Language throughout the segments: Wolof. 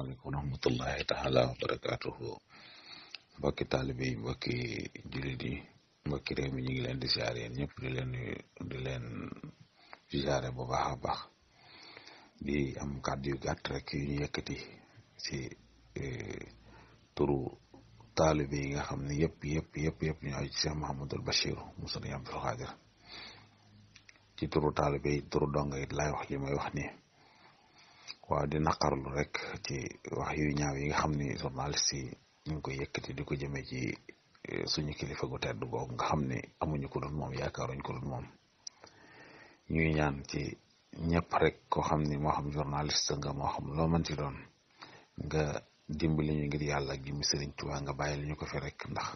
asalaamaaleykum wa rahmatullahi taala wa barakaatuhu mbokki taalibe yi mbokki jullit yi mbokki réew mi ñu ngi leen di siyaare yéen ñëpp di leen di leen siyaare bu baax a baax di am kàddu yu gàtt rek yu ñu yëkkati si eh, turu taalibe yi nga xam ne yëpp yëpp yëpp yëpp ñu aju ci Cheikh Mahamadul Bachir mu sëriñ Abdul Xaadir ci turu taalibe yi turu donga it laay wax li may wax waaw di naqarlu rek ci wax yu ñaaw yi nga xam ni journaliste yi ñu ngi koy yëkkati di ko jëmee ci eh, suñu kilifa gu tedd googu nga xam ne amuñu ko dul moom yaakaaruñ ko dul moom ñuy ñaan ci ñëpp rek ko xam ni moo xam journaliste nga moo xam loo mënti doon nga dimbali ñu ngir yàlla ak jëmmi Sëriñ Tuubaa nga bàyyil ñu ko fi rek ndax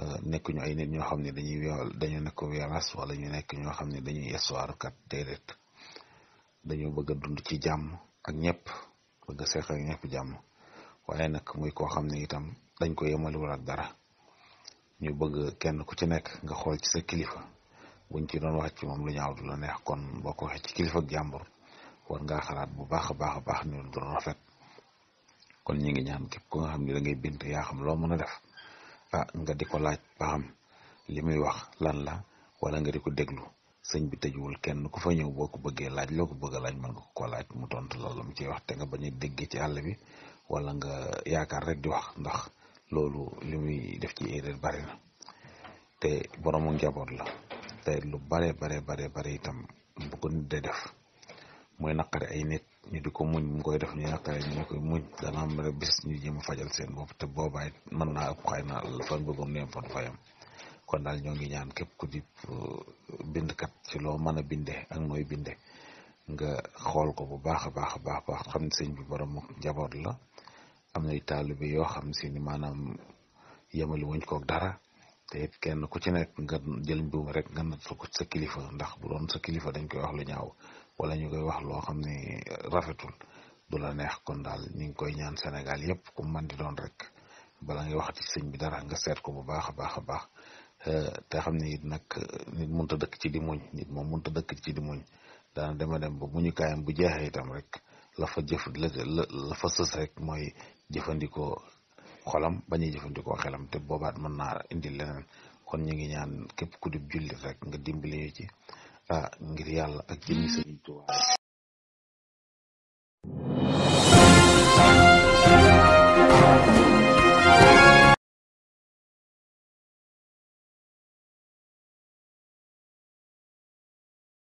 eh, nekkuñu ay nit ñoo xam ne dañuy dañu nekk wéras wala ñu nekk ñoo xam ne dañuy histoire kat déedéet dañoo bëgg dund ci jàmm ak ñëpp bëgg a ak ñëpp jàmm waaye nag muy koo xam ne itam dañ ko yemalewul dara ñu bëgg kenn ku ci nekk nga xool ci sa kilifa buñ ci doon wax ci moom lu ñaaw du la neex kon boo ko ci kilifa ak jàmbur war ngaa xalaat bu baax a baax a baax ni du rafet kon ñi ngi ñaan képp ku nga xam ne da ngay bind yaa xam loo mën a def ah nga di ko laaj baaxam xam li muy wax lan la wala nga di ko déglu sëñ bi tëjuwul kenn ku fa ñëw boo ko bëggee laaj loo ko bëgg a laaj man nga ko laaj mu tontu loolu mu ciy wax te nga bañ a dégg ci àll bi wala nga yaakaar rek di wax ndax loolu li muy def ci erreur bari na te boroomu njaboot la te lu bare bare bare bare itam bu ko nit de def mooy naqari ay nit ñu di ko muñ mu koy def ñu naqari ñu koy muñ dana am bis ñu jéem a fajal seen bopp te boobaay mën naa ëpp xëy na fan bëggoon neem fan fayam kon daal ñoo ngi ñaan képp ku di uh, bindkat ci loo mën a binde ak binde nga xool ko bu baax a baax a baax baax xam ne sëñ bi borom njaboot la am nay taalibe yoo xam si ni maanaam yemali wuñ koog dara te it kenn ku ci nekk nga jël mbuum rek nga nattu ko sa kilifa ndax bu doon sa kilifa dañ koy wax lu ñaaw wala ñu koy wax loo xam ne rafetul du la neex kon daal ñu ngi koy ñaan Sénégal yëpp ku mën di doon rek bala ngay waxati sëñ bi dara nga seet ko bu baax a baax a baax Euh, te xam ne it nag euh, nit mënut a dëkk ci di muñ nit moom mënut a dëkk ci di muñ daana dema dem ba muñu kaayam bu jeexee itam rek la fa jëf lafa fa sës rek mooy jëfandikoo xolam bañuy jëfandikoo xelam te boobaat mën naa indi leneen kon ñu ngi ñaan képp ku dib jullit rek nga dimbali ñu ci ah ngir yàlla ak jëmmi mm. Sëriñ Tuubaa